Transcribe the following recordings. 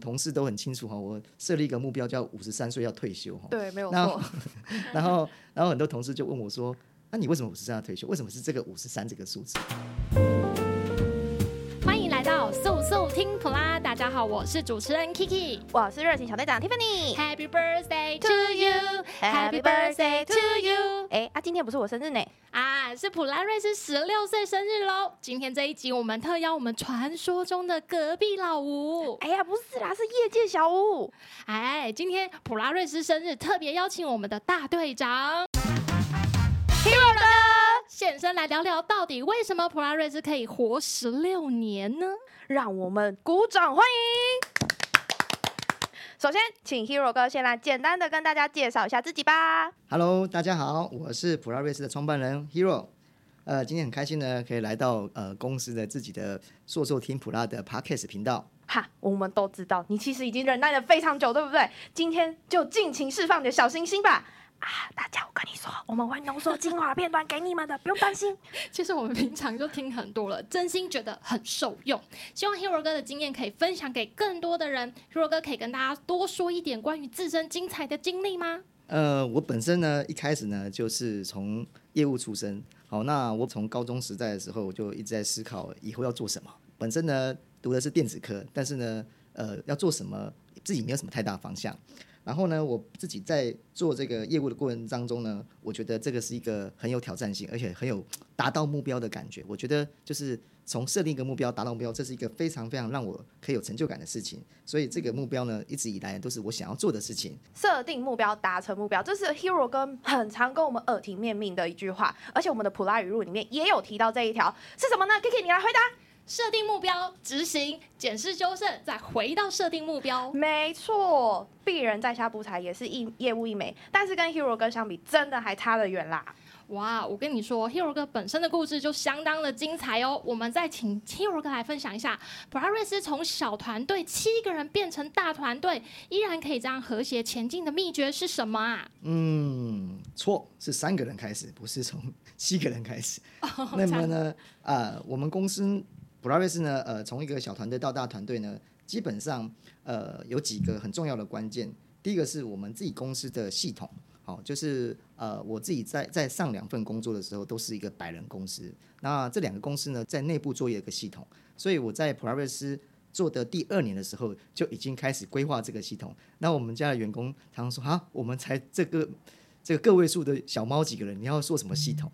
同事都很清楚哈，我設立一個目標叫五十三歲要退休哈。對，沒有錯。然後，然後很多同事就問我說：“那、啊、你為什麼五十三要退休？為什麼是這個五十三這個數字？”歡迎來到速速聽普拉，大家好，我是主持人 Kiki，我是熱情小隊長 Tiffany。Happy birthday to you, Happy birthday to you。哎，啊，今天不是我生日呢。啊，是普拉瑞斯十六歲生日嘍！今天這一集，我們特邀我們傳說中的隔壁老吳。哎呀，不是啦，是業界小吳。哎，今天普拉瑞斯生日，特別邀請我們的大隊長 Hero 哥現身來聊聊，到底為什麼普拉瑞斯可以活十六年呢？讓我們鼓掌歡迎！首先，請 Hero 哥先來簡單的跟大家介紹一下自己吧。Hello，大家好，我是普拉瑞斯的創辦人 Hero。呃，今天很開心呢，可以來到呃公司的自己的座座聽普拉的 Podcast 頻道。哈，我們都知道你其實已經忍耐了非常久，對不對？今天就盡情釋放你的小心心吧。啊，大家，我跟你說，我們會濃縮精華片段給你們的， 不用擔心。其實我們平常就聽很多了，真心覺得很受用。希望 Hero 哥的經驗可以分享給更多的人。Hero 哥可以跟大家多說一點關於自身精彩的經歷嗎？呃，我本身呢，一開始呢就是從業務出身。好，那我從高中時代的時候，我就一直在思考以後要做什麼。本身呢讀的是電子科，但是呢，呃，要做什麼自己沒有什麼太大方向。然後呢，我自己在做這個業務的過程當中呢，我覺得這個是一個很有挑戰性，而且很有達到目標的感覺。我覺得就是從設定一個目標，達到目標，這是一個非常非常讓我可以有成就感的事情。所以這個目標呢，一直以來都是我想要做的事情。設定目標，達成目標，這是 Hero 哥很常跟我們耳提面命的一句話，而且我們的普拉語錄裡面也有提到這一條，是什麼呢？Kiki，你來回答。設定目標，執行，檢視修正，再回到設定目標。沒錯，鄙人在下不才，也是一業務一枚，但是跟 Hero 哥相比，真的還差得遠啦。哇，我跟你說，Hero 哥本身的故事就相當的精彩哦。我們再請 Hero 哥來分享一下，普拉瑞斯從小團隊七個人變成大團隊，依然可以這樣和諧前進的祕訣是什麼啊？嗯，錯，是三個人開始，不是從七個人開始。 那麼呢？ 呃，我們公司。普拉瑞斯呢？呃，從一個小團隊到大團隊呢，基本上呃有幾個很重要的關鍵。第一個是我們自己公司的系統，好、哦，就是呃我自己在在上兩份工作的時候都是一個百人公司，那這兩個公司呢，在內部作業一個系統，所以我在普 r 瑞斯 s 做的第二年的時候就已經開始規劃這個系統。那我們家的員工他們說啊，我們才這個。這個個位數的小貓幾個人，你要做什麼系統？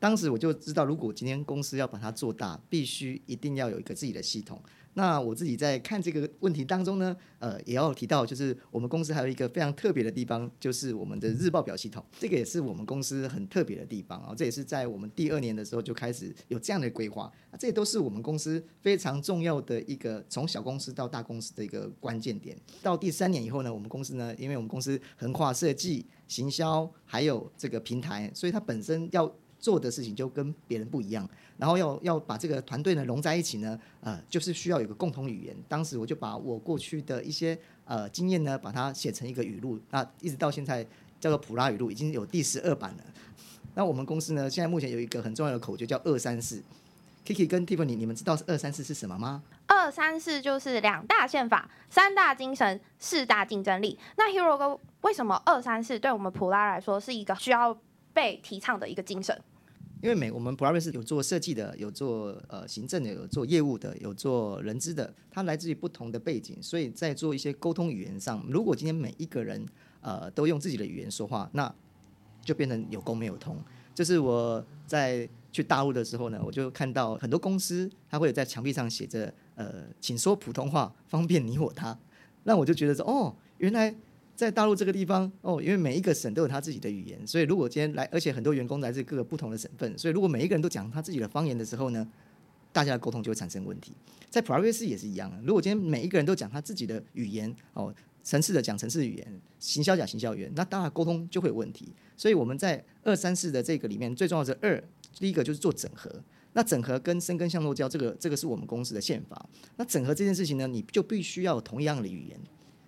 當時我就知道，如果今天公司要把它做大，必須一定要有一個自己的系統。那我自己在看這個問題當中呢，呃，也要提到，就是我們公司還有一個非常特別的地方，就是我們的日報表系統，這個也是我們公司很特別的地方啊、哦。這也是在我們第二年的時候就開始有這樣的規劃，啊、這也都是我們公司非常重要的一個從小公司到大公司的一個關鍵點。到第三年以後呢，我們公司呢，因為我們公司橫跨設計。行銷還有這個平台，所以它本身要做的事情就跟別人不一樣。然後要要把這個團隊呢融在一起呢，呃，就是需要有個共同語言。當時我就把我過去的一些呃經驗呢，把它寫成一個語錄，那一直到現在叫做普拉語錄，已經有第十二版了。那我們公司呢，現在目前有一個很重要的口訣叫二三四。Kiki 跟 Tiffany，你們知道是二三四是什麼嗎？二三四就是兩大憲法、三大精神、四大競爭力。那 Hero 哥，為什麼二三四對我們普拉來說是一個需要被提倡的一個精神？因為美我們普拉瑞斯有做設計的，有做呃行政的，有做業務的，有做人資的，它來自於不同的背景，所以在做一些溝通語言上，如果今天每一個人呃都用自己的語言說話，那就變成有溝沒有通。就是我在。去大陸的時候呢，我就看到很多公司，他會有在牆壁上寫着“呃，請說普通話，方便你我他”。那我就覺得說，哦，原來在大陸這個地方，哦，因為每一個省都有他自己的語言，所以如果今天來，而且很多員工來自各個不同的省份，所以如果每一個人都講他自己的方言的時候呢，大家的溝通就會產生問題。在普拉瑞斯也是一樣的，如果今天每一個人都講他自己的語言，哦。程式的講程式語言，行銷講行銷語言，那當然溝通就會有問題。所以我們在二三四的這個裡面，最重要的是二，第一個就是做整合。那整合跟深耕向諾腳，這個這個是我們公司的憲法。那整合這件事情呢，你就必須要有同樣的語言。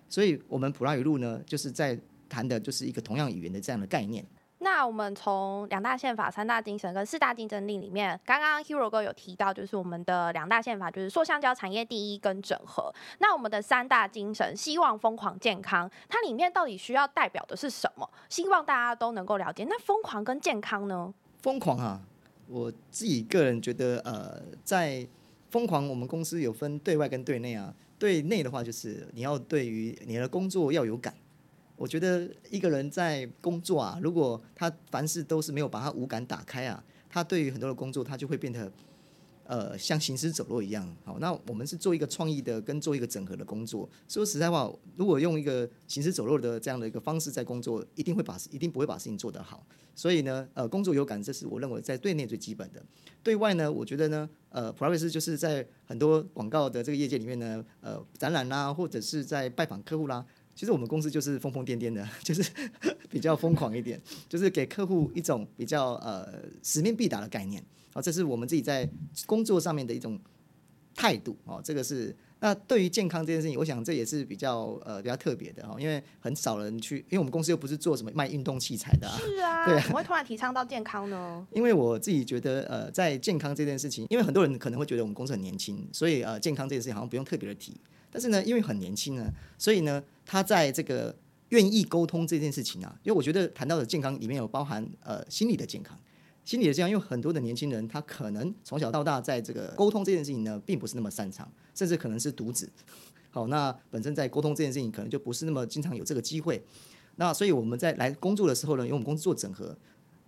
所以我們普拉語錄呢，就是在談的就是一個同樣語言的這樣的概念。那我們從兩大憲法、三大精神跟四大競爭力裡面，剛剛 Hero 哥有提到，就是我們的兩大憲法就是塑橡膠產業第一跟整合。那我們的三大精神，希望瘋狂健康，它裡面到底需要代表的是什麼？希望大家都能夠了解。那瘋狂跟健康呢？瘋狂啊，我自己個人覺得，呃，在瘋狂，我們公司有分對外跟對內啊。對內的話，就是你要對於你的工作要有感。我覺得一個人在工作啊，如果他凡事都是沒有把它五感打開啊，他對於很多的工作，他就會變得呃像行屍走肉一樣。好，那我們是做一個創意的跟做一個整合的工作。說實在話，如果用一個行屍走肉的這樣的一個方式在工作，一定會把一定不會把事情做得好。所以呢，呃，工作有感，這是我認為在對內最基本的。對外呢，我覺得呢，呃，普拉瑞斯就是在很多廣告的這個業界裡面呢，呃，展覽啦，或者是在拜訪客戶啦。其實我們公司就是瘋瘋癲癲的，就是 比較瘋狂一點，就是給客戶一種比較呃使命必達的概念。哦，這是我們自己在工作上面的一種態度。哦，這個是那對於健康這件事情，我想這也是比較呃比較特別的，哦，因為很少人去，因為我們公司又不是做什麼賣運動器材的啊，是啊，對啊，怎麼會突然提倡到健康呢？因為我自己覺得，呃，在健康這件事情，因為很多人可能會覺得我們公司很年輕，所以呃，健康這件事情好像不用特別的提。但是呢，因為很年輕呢，所以呢，他在這個願意溝通這件事情啊，因為我覺得談到的健康裡面有包含呃心理的健康，心理的健康，因為很多的年輕人他可能從小到大在這個溝通這件事情呢，並不是那麼擅長，甚至可能是獨子，好，那本身在溝通這件事情可能就不是那麼經常有這個機會，那所以我們在來工作的時候呢，因為我們公司做整合。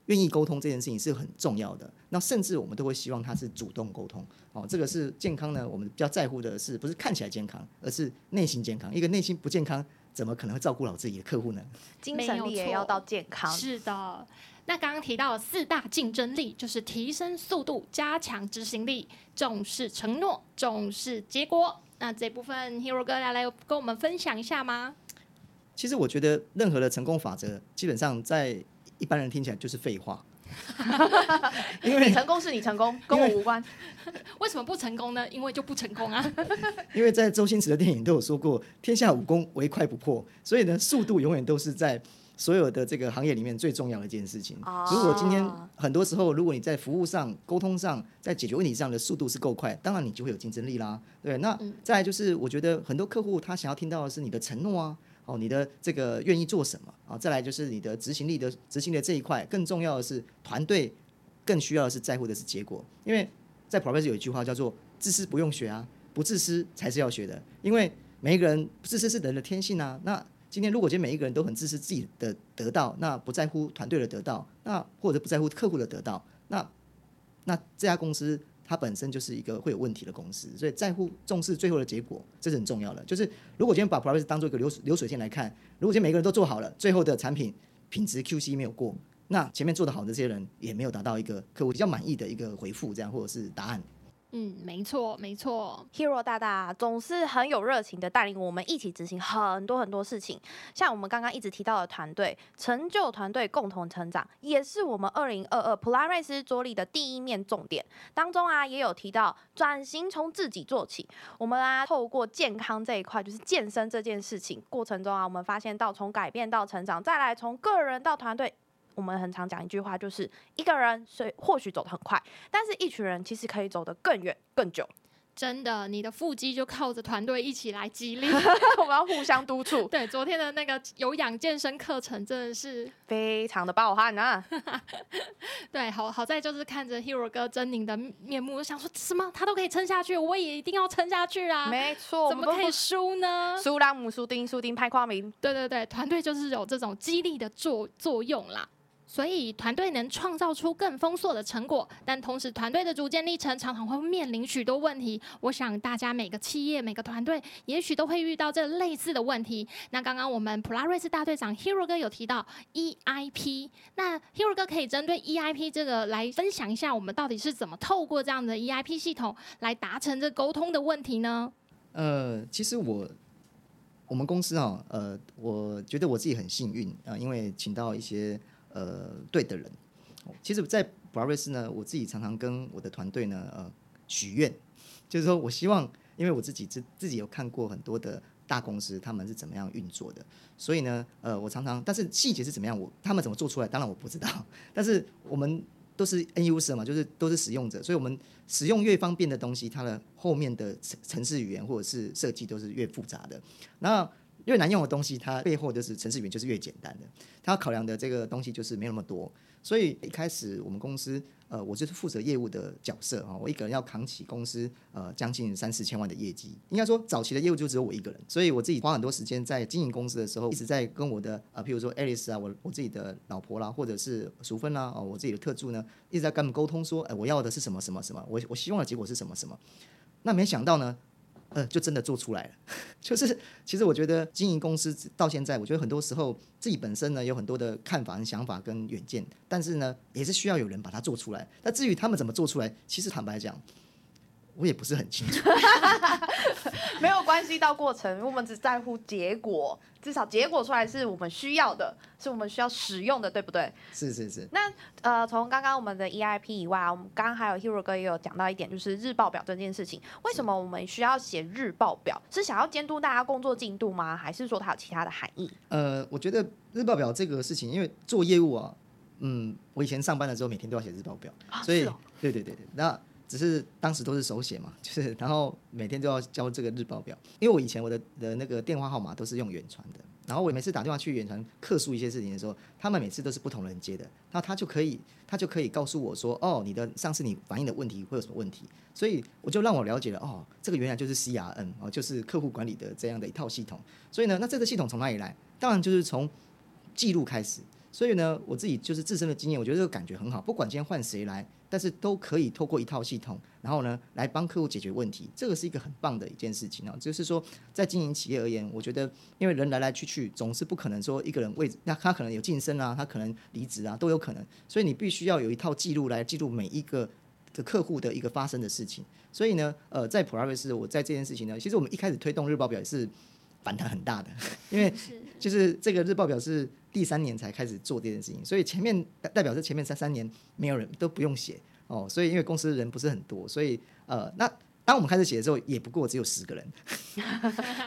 願意溝通這件事情是很重要的，那甚至我們都會希望他是主動溝通哦。這個是健康呢，我們比較在乎的是不是看起來健康，而是內心健康。一個內心不健康，怎麼可能會照顧好自己的客戶呢？精神力也要到健康。是的，那剛剛提到四大競爭力，就是提升速度、加強執行力、重視承諾、重視結果。那這部分 Hero 哥要來，來跟我們分享一下嗎？其實我覺得任何的成功法則，基本上在。一般人聽起來就是廢話，因為 你成功是你成功，跟我無關。因為， 為什麼不成功呢？因為就不成功啊。 因為在周星馳的電影都有說過，天下武功唯快不破，所以呢，速度永遠都是在所有的這個行業裡面最重要的一件事情。哦。如果今天很多時候，如果你在服務上、溝通上、在解決問題上的速度是夠快，當然你就會有競爭力啦。對，那再來就是，我覺得很多客戶他想要聽到的是你的承諾啊。哦，你的這個願意做什麼啊、哦？再來就是你的執行力的執行的這一塊，更重要的是團隊更需要的是在乎的是結果，因為在普拉瑞斯有一句話叫做自私不用學啊，不自私才是要學的，因為每一個人自私是人的天性啊。那今天如果覺得每一個人都很自私自己的得到，那不在乎團隊的得到，那或者不在乎客戶的得到，那那這家公司。它本身就是一個會有問題的公司，所以在乎重視最後的結果，這是很重要的。就是如果今天把 process 當做一個流水流水線來看，如果今天每個人都做好了，最後的產品品質 QC 沒有過，那前面做得好的好這些人也沒有達到一個客戶比較滿意的一個回復，這樣或者是答案。嗯，沒錯，沒錯。Hero 大大啊，總是很有熱情的帶領我們一起執行很多很多事情，像我們剛剛一直提到的團隊成就、團隊共同成長，也是我們二零二二普拉瑞斯着力的第一面重點當中啊，也有提到轉型從自己做起。我們啊，透過健康這一塊，就是健身這件事情過程中啊，我們發現到從改變到成長，再來從個人到團隊。我們很常講一句話，就是一個人所以或許走得很快，但是一群人其實可以走得更遠、更久。真的，你的腹肌就靠着團隊一起來激勵， 我們要互相督促。 對，昨天的那個有氧健身課程真的是非常的爆汗啊。 對，好好在就是看着 Hero 哥猙獰的面目，我想說什麼，他都可以撐下去，我也一定要撐下去啊。沒錯，怎麼可以輸呢？輸人毋輸陣，輸陣歹看面。對對對，團隊就是有這種激勵的作作用啦。所以團隊能創造出更豐碩的成果，但同時團隊的組建歷程常常會面臨許多問題。我想大家每個企業、每個團隊，也許都會遇到這類似的問題。那剛剛我們普拉瑞斯大隊長 Hero 哥有提到 EIP，那 Hero 哥可以針對 EIP 這個來分享一下，我們到底是怎麼透過這樣的 EIP 系統來達成這溝通的問題呢？呃，其實我我們公司啊，呃，我覺得我自己很幸運啊，呃，因為請到一些。呃，對的人，其實，在普拉瑞斯呢，我自己常常跟我的團隊呢，呃，許願，就是說我希望，因為我自己自自己有看過很多的大公司，他們是怎麼樣運作的，所以呢，呃，我常常，但是細節是怎麼樣，我他們怎麼做出來，當然我不知道，但是我們都是 end user 嘛，就是都是使用者，所以我們使用越方便的東西，它的後面的程式語言或者是設計都是越複雜的，那。越難用的東西，它背後就是程式語言，就是越簡單的。它考量的這個東西就是沒有那麼多。所以一開始我們公司，呃，我就是負責業務的角色啊、哦，我一個人要扛起公司呃將近三四千萬的業績。應該說早期的業務就只有我一個人，所以我自己花很多時間在經營公司的時候，一直在跟我的啊、呃，譬如說 Alice 啊，我我自己的老婆啦，或者是淑芬啦、啊，哦，我自己的特助呢，一直在跟他們溝通說，哎、呃，我要的是什麼什麼什麼，我我希望的結果是什麼什麼。那沒想到呢。呃，就真的做出來了，就是其實我覺得經營公司到現在，我覺得很多時候自己本身呢，有很多的看法跟想法跟遠見，但是呢，也是需要有人把它做出來。那至於他們怎麼做出來，其實坦白講，我也不是很清楚 沒有關係到過程，我們只在乎結果。至少結果出來是我們需要的，是我們需要使用的，對不對？是是是那那呃，從剛剛我們的 EIP 以外啊，我們剛剛還有 Hero 哥也有講到一點，就是日報表這件事情，為什麼我們需要寫日報表？是想要監督大家工作進度嗎？還是說它有其他的含義？呃，我覺得日報表這個事情，因為做業務啊，嗯，我以前上班的時候每天都要寫日報表，啊、所以、哦、對對對對，那只是當時都是手寫嘛，就是然後每天都要交這個日報表。因為我以前我的的那個電話號碼都是用遠傳的，然後我每次打電話去遠傳客訴一些事情的時候，他們每次都是不同人接的，那他就可以他就可以告訴我說，哦，你的上次你反映的問題會有什麼問題，所以我就讓我了解了，哦，這個原來就是 CRM，哦，就是客戶管理的這樣的一套系統。所以呢，那這個系統從哪裡來？當然就是從記錄開始。所以呢，我自己就是自身的經驗，我覺得這個感覺很好，不管今天換誰來。但是都可以透過一套系統，然後呢來幫客戶解決問題，這個是一個很棒的一件事情啊！就是說，在經營企業而言，我覺得因為人來來去去，總是不可能說一個人位置，那他可能有晉升啊，他可能離職啊，都有可能，所以你必須要有一套記錄來記錄每一個的客戶的一個發生的事情。所以呢，呃，在普拉瑞斯，我在這件事情呢，其實我們一開始推動日報表也是。反彈很大的，因為就是這個日報表是第三年才開始做這件事情，所以前面代表是前面三三年沒有人都不用寫哦，所以因為公司人不是很多，所以呃，那當我們開始寫的時候，也不過只有十個人，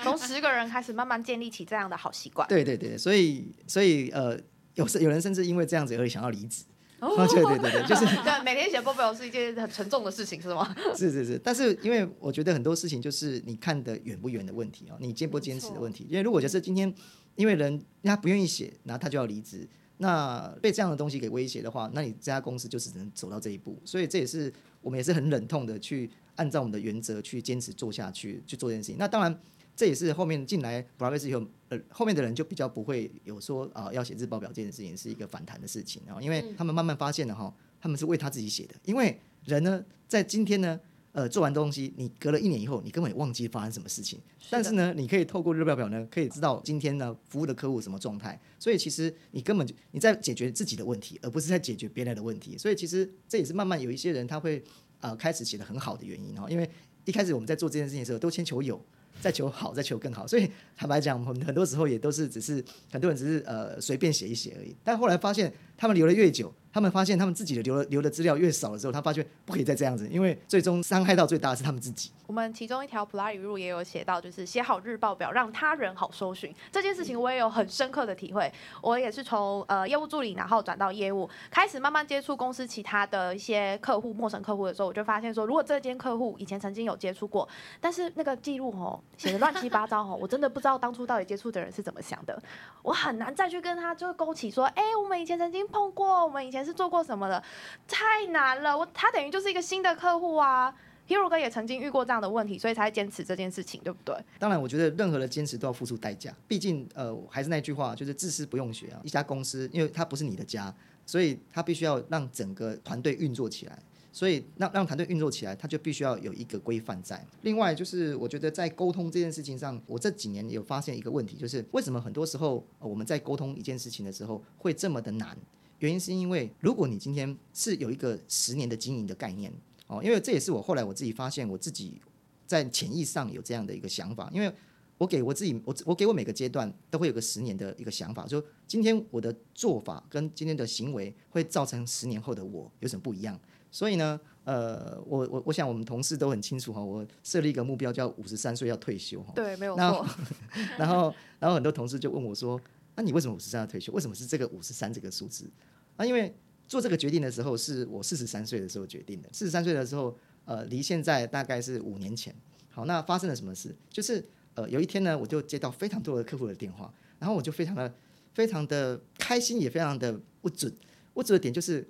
從 十個人開始慢慢建立起這樣的好習慣。對對對，所以所以呃，有有人甚至因為這樣子而想要離職。啊、哦，對對對對，就是 對，每天寫報表是一件很沉重的事情，是嗎？ 是是是，但是因為我覺得很多事情就是你看得遠不遠的問題啊，你堅不堅持的問題。因為如果就是今天因為人，因為人家不願意寫，然後他就要離職，那被這樣的東西給威脅的話，那你這家公司就只能走到這一步。所以這也是我們也是很忍痛的去按照我們的原則去堅持做下去，去做這件事情。那當然。這也是後面進來，普拉瑞斯以後，呃，後面的人就比較不會有說啊、呃，要寫日報表這件事情是一個反彈的事情啊，因為他們慢慢發現了哈、哦，他們是為他自己寫的，因為人呢，在今天呢，呃，做完東西，你隔了一年以後，你根本也忘記發生什麼事情，但是呢，你可以透過日報表呢，可以知道今天呢，服務的客戶什麼狀態，所以其實你根本就你在解決自己的問題，而不是在解決別人的問題，所以其實這也是慢慢有一些人他會啊、呃，開始寫得很好的原因哈、哦，因為一開始我們在做這件事情的時候都先求有。再求好，再求更好，所以坦白講，我們很多時候也都是只是很多人只是呃隨便寫一寫而已，但後來發現。他們留了越久，他們發現他們自己的留了留的資料越少了之後，他發覺不可以再這樣子，因為最終傷害到最大的是他們自己。我們其中一條普拉瑞斯語錄也有寫到，就是寫好日報表，讓他人好搜尋這件事情，我也有很深刻的體會。嗯、我也是從呃業務助理，然後轉到業務，開始慢慢接觸公司其他的一些客戶，陌生客戶的時候，我就發現說，如果這間客戶以前曾經有接觸過，但是那個記錄哦寫的亂七八糟哦， 我真的不知道當初到底接觸的人是怎麼想的，我很難再去跟他就勾起說，哎，我們以前曾經。碰過，我們以前是做過什麼的，太難了。我他等於就是一個新的客戶啊。Hero 哥也曾經遇過這樣的問題，所以才堅持這件事情，對不對？當然，我覺得任何的堅持都要付出代價。畢竟，呃，還是那句話，就是自私不用學啊。一家公司，因為它不是你的家，所以它必須要讓整個團隊運作起來。所以，讓讓團隊運作起來，他就必須要有一個規範在。另外，就是我覺得在溝通這件事情上，我這幾年有發現一個問題，就是為什麼很多時候我們在溝通一件事情的時候會這麼的難？原因是因為，如果你今天是有一個十年的經營的概念哦，因為這也是我後來我自己發現，我自己在潛意上有這樣的一個想法，因為我給我自己，我我給我每個階段都會有個十年的一個想法，說今天我的做法跟今天的行為會造成十年後的我有什麼不一樣？所以呢，呃，我我我想我們同事都很清楚哈，我設立一個目標叫五十三歲要退休哈。對，沒有錯。 然後，然後很多同事就問我說：“那、啊、你為什麼五十三要退休？為什麼是這個五十三這個數字？”啊，因為做這個決定的時候是我四十三歲的時候決定的。四十三歲的時候，呃，離現在大概是五年前。好，那發生了什麼事？就是呃，有一天呢，我就接到非常多的客戶的電話，然後我就非常的非常的開心，也非常的不准。不准的點就是。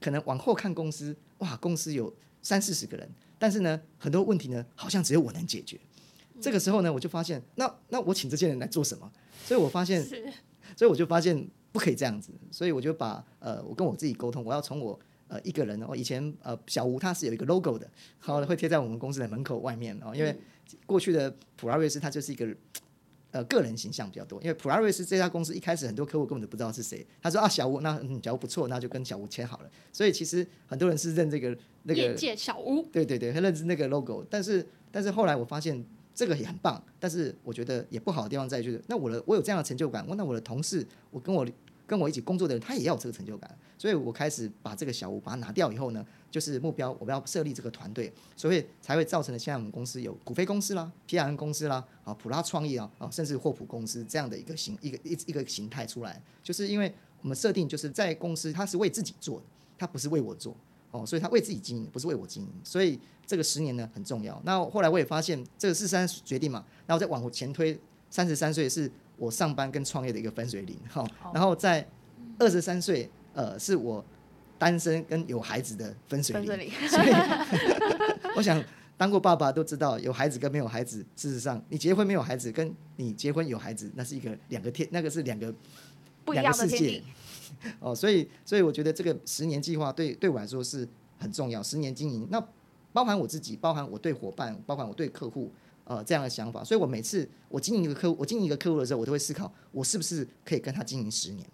可能往後看公司，哇，公司有三四十個人，但是呢，很多問題呢，好像只有我能解決。嗯，這個時候呢，我就發現，那那我請這些人來做什麼？所以我發現，所以我就發現不可以這樣子，所以我就把呃，我跟我自己溝通，我要從我呃一個人哦，以前呃小吳他是有一個 logo 的，好，好會貼在我們公司的門口外面哦，因為過去的普拉瑞斯他就是一個。呃，個人形象比較多，因為普拉瑞斯這家公司，一開始很多客戶根本就不知道是誰。他說啊，小吳，那嗯，小吳不錯，那就跟小吳簽好了。所以其實很多人是認這個那個業界小吳，對對對，他認知那個 logo。但是但是後來我發現這個也很棒，但是我覺得也不好的地方在於，那我的我有這樣的成就感，那我的同事，我跟我跟我一起工作的人，他也要有這個成就感。所以我開始把這個小屋把它拿掉以後呢，就是目標，我們要設立這個團隊，所以才會造成了現在我們公司有股飛公司啦、PRN 公司啦、啊普拉創業啊、啊甚至霍普公司這樣的一個形一個一一個形態出來，就是因為我們設定就是在公司他是為自己做，他不是為我做哦，所以他為自己經營，不是為我經營，所以這個十年呢很重要。那後來我也發現這個四三十決定嘛，那我再往前推三十三歲是我上班跟創業的一個分水嶺哈。然後在二十三歲，呃是我。單身跟有孩子的分水嶺，所以 我想當過爸爸都知道，有孩子跟沒有孩子，事實上，你結婚沒有孩子，跟你結婚有孩子，那是一個兩個天，那個是兩個不一樣的世界。哦，所以，所以我覺得這個十年計劃對對我來說是很重要。十年經營，那包含我自己，包含我對夥伴，包含我對客戶，呃，這樣的想法。所以我每次我經營一個客戶，我經營一個客戶的時候，我都會思考，我是不是可以跟他經營十年。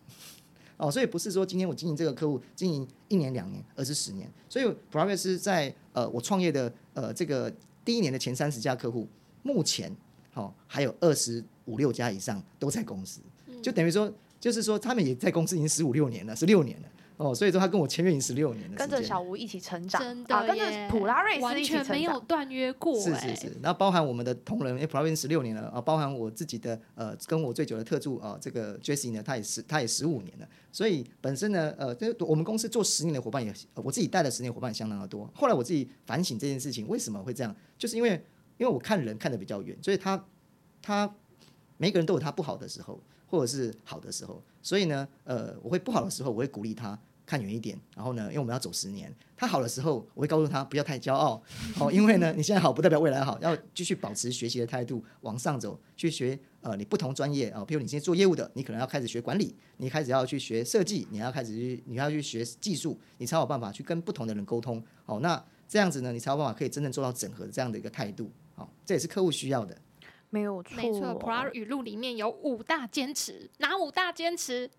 哦，所以不是說今天我經營這個客戶經營一年兩年，而是十年。所以，普拉瑞斯在呃我創業的呃這個第一年的前三十家客戶，目前好、哦、還有二十五六家以上都在公司，就等於說，就是說他們也在公司已經十五六年了，十六年了。哦，所以說他跟我簽約已經十六年了，跟着小吳一起成長，真的，啊，跟着普拉瑞斯一起成長，完全沒有斷約過，欸，是是是。然後包含我們的同仁也普拉瑞斯十六年了啊，呃，包含我自己的呃跟我最久的特助啊，呃，這個 Jesse 呢，他也是他也十五年了。所以本身呢，呃，這、就是，我們公司做十年的伙伴也，我自己帶了十年伙伴也相當的多。後來我自己反省這件事情為什麼會這樣，就是因為因為我看人看得比較遠，所以他他每個人都有他不好的時候，或者是好的時候，所以呢，呃，我會不好的時候，我會鼓勵他看遠一點。然後呢，因為我們要走十年，他好的時候，我會告訴他不要太驕傲，好，因為呢，你現在好不代表未來好，要繼續保持學習的態度，往上走，去學呃，你不同專業啊，比如你今天做業務的，你可能要開始學管理，你開始要去學設計，你要開始去，你要去學技術，你才有辦法去跟不同的人溝通。好，那這樣子呢，你才有辦法可以真正做到整合這樣的一個態度。好，這也是客戶需要的。沒有錯、哦沒，沒錯，普拉瑞斯語錄裡面有五大堅持，哪五大堅持？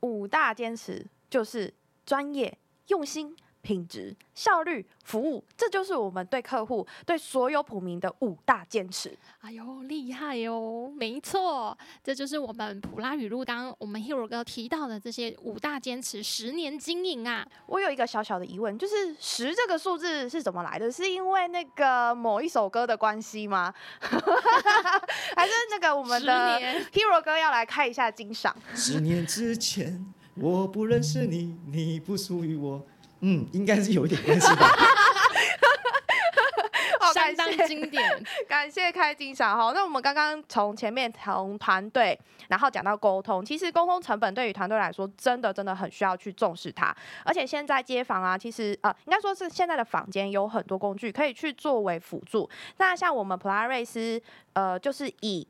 五大堅持就是專業、用心。品質、效率、服務，這就是我們對客戶、對所有普民的五大堅持。哎呦，厲害喲、哦！沒錯，這就是我們普拉語錄。當我們 Hero 哥提到的這些五大堅持，十年經營啊！我有一個小小的疑問，就是“十”這個數字是怎麼來的？是因為那個某一首歌的關係嗎？ 還是那個我們的 Hero 哥要來開一下金嗓？十年之前，我不認識你，你不屬於我。嗯，應該是有一點關係吧， 好，相當經典，哦、感謝 感謝開金小號。那我們剛剛從前面從團隊，然後講到溝通，其實溝通成本對於團隊來說，真的真的很需要去重視它。而且現在街坊啊，其實呃，應該說是現在的坊間有很多工具可以去作為輔助。那像我們普拉瑞斯，呃，就是以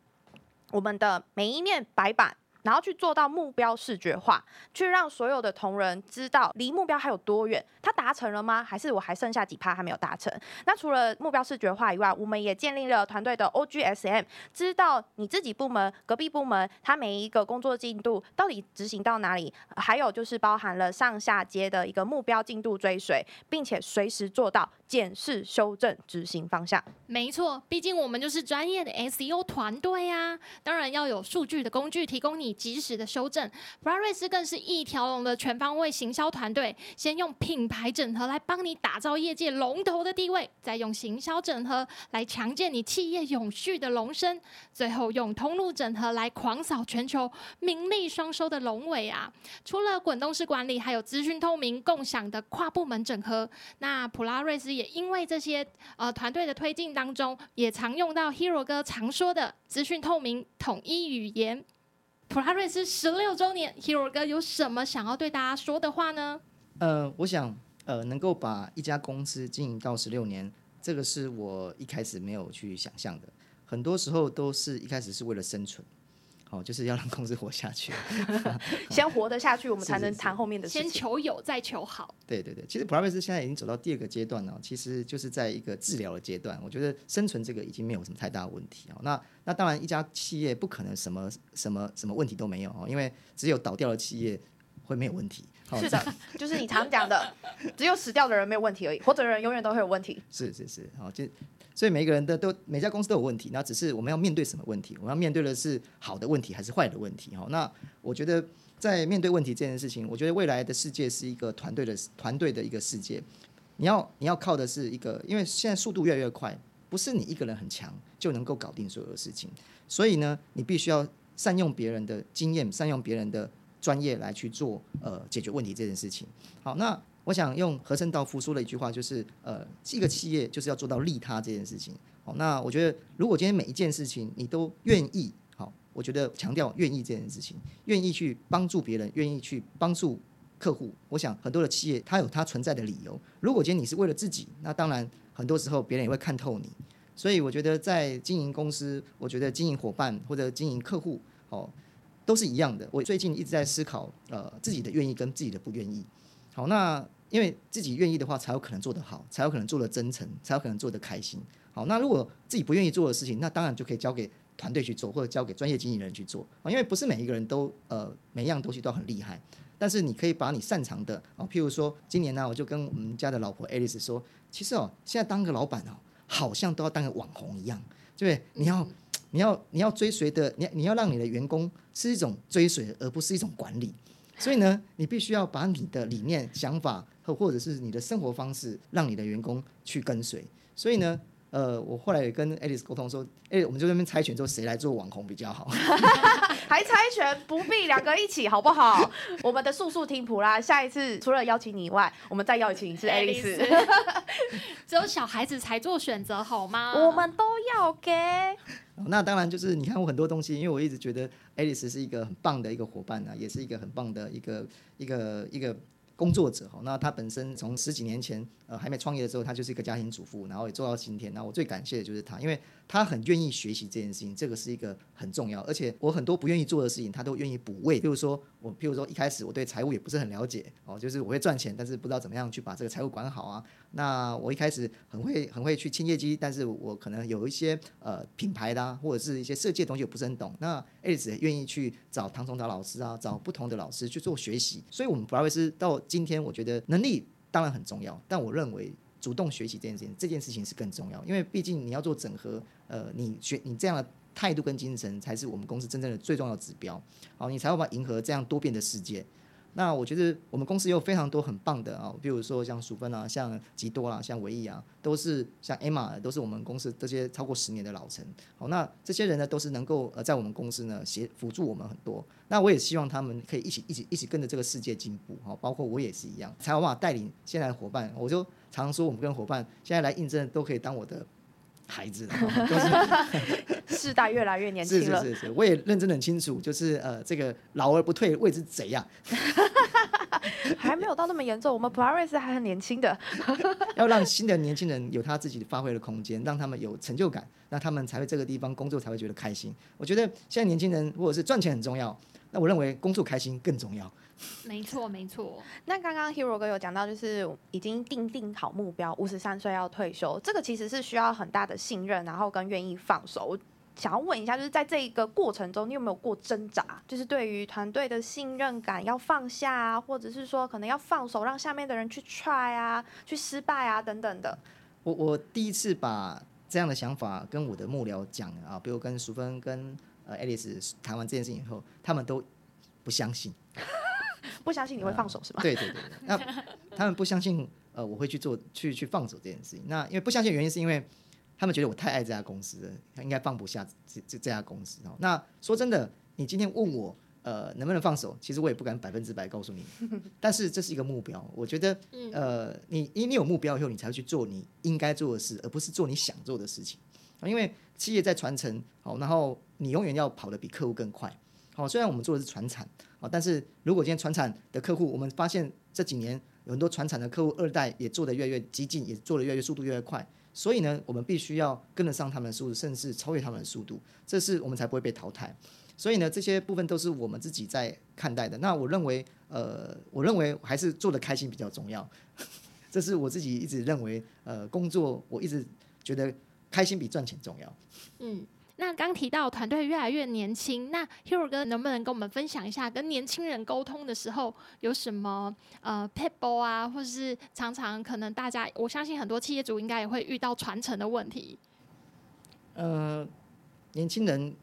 我們的每一面白板，然後去做到目標視覺化，去讓所有的同仁知道離目標還有多遠，他達成了嗎？還是我還剩下幾趴還沒有達成？那除了目標視覺化以外，我們也建立了團隊的 OGSM，知道你自己部門、隔壁部門，他每一個工作進度到底執行到哪裡？還有就是包含了上下階的一個目標進度追隨，並且隨時做到檢視、修正、執行方向。沒錯，畢竟我們就是專業的 SEO 團隊呀、啊，當然要有數據的工具提供你。及時的修正，普拉瑞斯更是一條龍的全方位行銷團隊。先用品牌整合來幫你打造業界龍頭的地位，再用行銷整合來強健你企業永續的龍身，最後用通路整合來狂掃全球，名利雙收的龍尾啊！除了滾動式管理，還有資訊透明、共享的跨部門整合。那普拉瑞斯也因為這些呃團隊的推進當中，也常用到 Hero 哥常說的資訊透明、統一語言。普拉瑞斯十六週年，Hero 哥有什麼想要對大家說的話呢？呃，我想，呃，能夠把一家公司經營到十六年，這個是我一開始沒有去想象的。很多時候都是一開始是為了生存。哦，就是要讓公司活下去， 先活得下去，啊、是是是我們才能談後面的事。先求有，再求好。對對對，其實普拉瑞斯現在已經走到第二個階段了，其實就是在一個治療的階段。我覺得生存這個已經沒有什麼太大的問題啊。那那當然，一家企業不可能什麼什麼什麼,什麼問題都沒有哦，因為只有倒掉的企業會沒有問題。是的， 就是你常講的，只有死掉的人沒有問題而已，活着的人永遠都會有問題。是是是，好就。所以每個人的都每家公司都有問題，那只是我們要面對什麼問題？我們要面對的是好的問題還是壞的問題？哈，那我覺得在面對問題這件事情，我覺得未來的世界是一個團隊的團隊的一個世界，你要你要靠的是一個，因為現在速度越來越快，不是你一個人很強就能夠搞定所有的事情，所以呢，你必須要善用別人的經驗，善用別人的專業來去做呃解決問題這件事情。好，那。我想用稻盛和夫說的一句話，就是呃，一個企業就是要做到利他這件事情。好，那我覺得如果今天每一件事情你都願意，好，我覺得強調願意這件事情，願意去幫助別人，願意去幫助客戶，我想很多的企業它有它存在的理由。如果今天你是為了自己，那當然很多時候別人也會看透你。所以我覺得在經營公司，我覺得經營夥伴或者經營客戶，好、哦，都是一樣的。我最近一直在思考，呃，自己的願意跟自己的不願意。好，那。因為自己願意的話，才有可能做得好，才有可能做得真誠，才有可能做得開心。好，那如果自己不願意做的事情，那當然就可以交給團隊去做，或者交給專業經理人去做啊。因為不是每一個人都呃每一樣東西都很厲害，但是你可以把你擅長的啊，譬如說今年呢、啊，我就跟我們家的老婆 Alice 說，其實哦，現在當個老闆哦，好像都要當個網紅一樣，對不對？你要你要你要追隨的，你要你要讓你的員工是一種追隨，而不是一種管理。所以呢，你必須要把你的理念、想法和或者是你的生活方式，讓你的員工去跟隨。所以呢。呃，我後來也跟 Alice 溝通說，哎，我們就這邊猜拳，之後誰來做網紅比較好？ 還猜拳？不必，兩個一起好不好？ 我們的素素聽普啦，下一次除了邀請你以外，我們再邀請一次 Alice。 只有小孩子才做選擇好嗎？我們都要給。哦、那當然，就是你看我很多東西，因為我一直覺得 Alice 是一個很棒的一個夥伴、啊、也是一個很棒的一個一個一個。一個一個工作者哦，那他本身從十幾年前呃還沒創業的時候，他就是一個家庭主婦，然後也做到今天。那我最感謝的就是他，因為他很願意學習這件事情，這個是一個很重要。而且我很多不願意做的事情，他都願意補位。譬如說我，譬如說一開始我對財務也不是很了解哦，就是我會賺錢，但是不知道怎麼樣去把這個財務管好啊。那我一開始很會很會去清業績，但是我可能有一些呃品牌的啊，或者是一些設計的東西我不是很懂。那 Alice 願意去找唐崇達老師啊，找不同的老師去做學習。所以，我們普拉瑞斯到今天我覺得能力當然很重要，但我認為主動學習這件事情，這件事情是更重要。因為畢竟你要做整合，呃，你學你這樣的態度跟精神才是我們公司真正的最重要指標。好，你才會把迎合這樣多變的世界。那我覺得我們公司也有非常多很棒的啊、哦，比如說像淑芬啊，像吉多啦、啊，像維藝啊，都是像 Emma，都是我們公司這些超過十年的老臣。好、哦，那這些人呢，都是能夠呃在我們公司呢協輔助我們很多。那我也希望他們可以一起一起一起跟着這個世界進步哈、哦，包括我也是一樣，才有辦法帶領現在的夥伴。我就常說我們跟夥伴現在來應徵都可以當我的孩子都、啊就是， 世代越來越年輕了。是是是，是我也認真的很清楚，就是呃，這個老而不退謂之賊啊、 還沒有到那麼嚴重，我們普拉瑞斯還很年輕的。 要讓新的年輕人有他自己發揮的空間，讓他們有成就感，那他們才會這個地方工作才會覺得開心。我覺得現在年輕人如果是賺錢很重要，那我認為工作開心更重要。沒錯，沒錯。那剛剛 Hero 哥有講到，就是已經訂定好目標，五十三歲要退休，這個其實是需要很大的信任，然後跟願意放手。我想要問一下，就是在這一個過程中，你有沒有過掙扎？就是對於團隊的信任感要放下啊，或者是說可能要放手，讓下面的人去 try 啊，去失敗啊等等的。我我第一次把這樣的想法跟我的幕僚講啊，比如跟淑芬、跟呃 Alice 談完這件事情以後，他們都不相信。不相信你會放手、呃、是吧？對對對， 那他們不相信呃，我會去做去去放手這件事情。那因為不相信原因是因為他們覺得我太愛這家公司了，應該放不下這這這家公司哦。那說真的，你今天問我呃能不能放手，其實我也不敢百分之百告訴你。 但是這是一個目標，我覺得呃你因為你有目標以後，你才會去做你應該做的事，而不是做你想做的事情。哦、因為企業在傳承好、哦，然後你永遠要跑得比客戶更快好、哦，雖然我們做的是傳產。但是，如果今天傳產的客戶，我們發現這幾年有很多傳產的客戶，二代也做得越來越激進，也做得越來越速度越來越快，所以呢，我們必須要跟得上他們的速度，甚至超越他們的速度，這是我們才不會被淘汰。所以呢，這些部分都是我們自己在看待的。那我認為，呃，我認為還是做得開心比較重要，這是我自己一直認為，呃，工作我一直覺得開心比賺錢重要。嗯。那剛提到團隊越來越年輕，那 Hero 哥能不能跟我們分享一下，跟年輕人溝通的時候有什麼呃撇步啊，或者是常常可能大家，我相信很多企業主應該也會遇到傳承的問題。呃，年輕人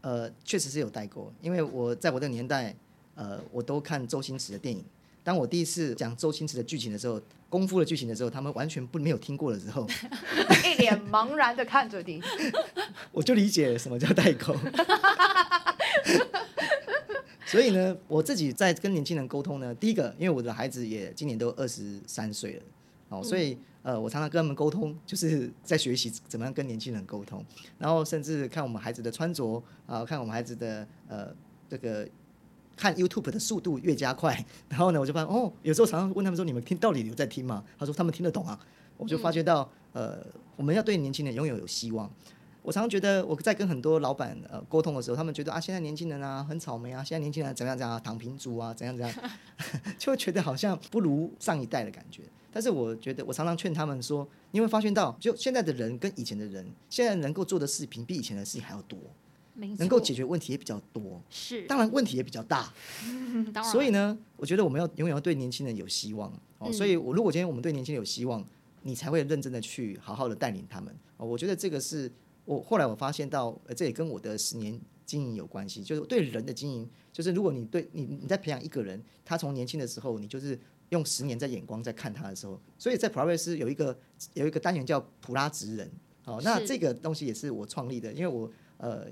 呃確實是有代溝，因為我在我的年代呃我都看周星馳的電影，當我第一次講周星馳的劇情的時候。功夫的劇情的時候，他們完全不沒有聽過的時候 一臉茫然的看着你， 我就理解什麼叫代溝。 所以呢，我自己在跟年輕人溝通呢，第一個，因為我的孩子也今年都二十三歲了，哦，所以呃，我常常跟他們溝通，就是在學習怎麼樣跟年輕人溝通，然後甚至看我們孩子的穿着啊、呃，看我們孩子的呃這個。看 YouTube 的速度越加快，然後呢，我就發現哦，有時候常常問他們說：“你們聽到底有在聽嗎？”他說：“他們聽得懂啊。”我就發覺到，呃，我們要對年輕人擁有有希望。我常常覺得我在跟很多老板呃溝通的時候，他們覺得啊，現在年輕人啊很草莓啊，現在年輕人、啊、怎麼樣怎樣躺平族啊，糖啊怎樣怎樣， 就會覺得好像不如上一代的感覺。但是我覺得，我常常勸他們說，你會發現到就現在的人跟以前的人，現在能夠做的事情比以前的事情還要多。能夠解決問題也比較多，是當然問題也比較大，嗯，所以呢，我覺得我們要永遠要對年輕人有希望哦，嗯。所以我如果今天我們對年輕人有希望，你才會認真的去好好的帶領他們哦。我覺得這個是我後來我發現到，呃，這也跟我的十年經營有關係，就是對人的經營，就是如果你對你你在培養一個人，他從年輕的時候，你就是用十年在眼光在看他的時候，所以在普拉瑞斯有一個有一個單元叫普拉職人，哦，呃，那這個東西也是我創立的，因為我呃。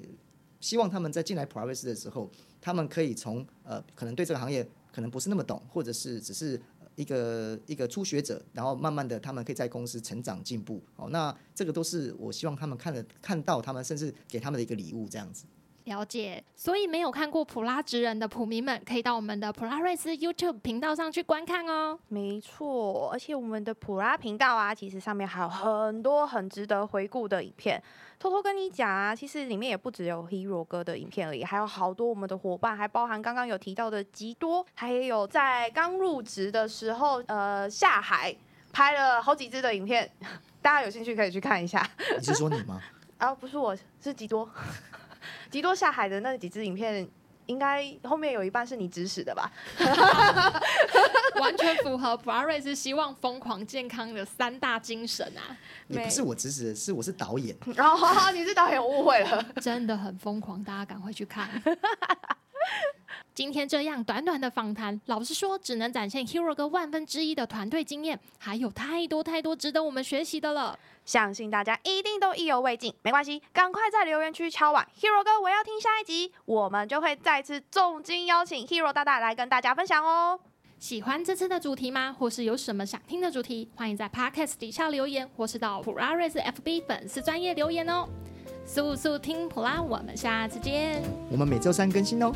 希望他們在進來普拉瑞斯的時候，他們可以從呃，可能對這個行業可能不是那麼懂，或者是只是一個一個初學者，然後慢慢的他們可以在公司成長進步。哦，那這個都是我希望他們看的，看到他們，甚至給他們的一個禮物這樣子。了解，所以沒有看過普拉職人的普迷們，可以到我們的普拉瑞斯 YouTube 頻道上去觀看哦。沒錯，而且我們的普拉頻道啊，其實上面還有很多很值得回顧的影片。偷偷跟你講啊，其實裡面也不只有 Hero 哥的影片而已，還有好多我們的伙伴，還包含剛剛有提到的吉多，還有在剛入職的時候，呃，下海拍了好幾支的影片。大家有興趣可以去看一下。你是說你嗎？ 啊，不是我，是吉多。 迪多下海的那幾支影片，應該後面有一半是你指使的吧？ 完全符合普拉瑞斯希望瘋狂健康的三大精神啊！你不是我指使的，是我是導演。 哦哈哈，你是導演我誤會了。真的很瘋狂，大家趕快去看。 今天這樣短短的訪談，老實說，只能展現 Hero 哥萬分之一的團隊經驗，還有太多太多值得我們學習的了。相信大家一定都意猶未盡，沒關係，趕快在留言區敲碗，Hero 哥，我要聽下一集，我們就會再次重金邀請 Hero 大大來跟大家分享哦。喜歡這次的主題嗎？或是有什麼想聽的主題？歡迎在 Podcast 底下留言，或是到普拉瑞斯 FB 粉絲專頁留言哦。速速聽普拉，我們下次見。我們每周三更新哦。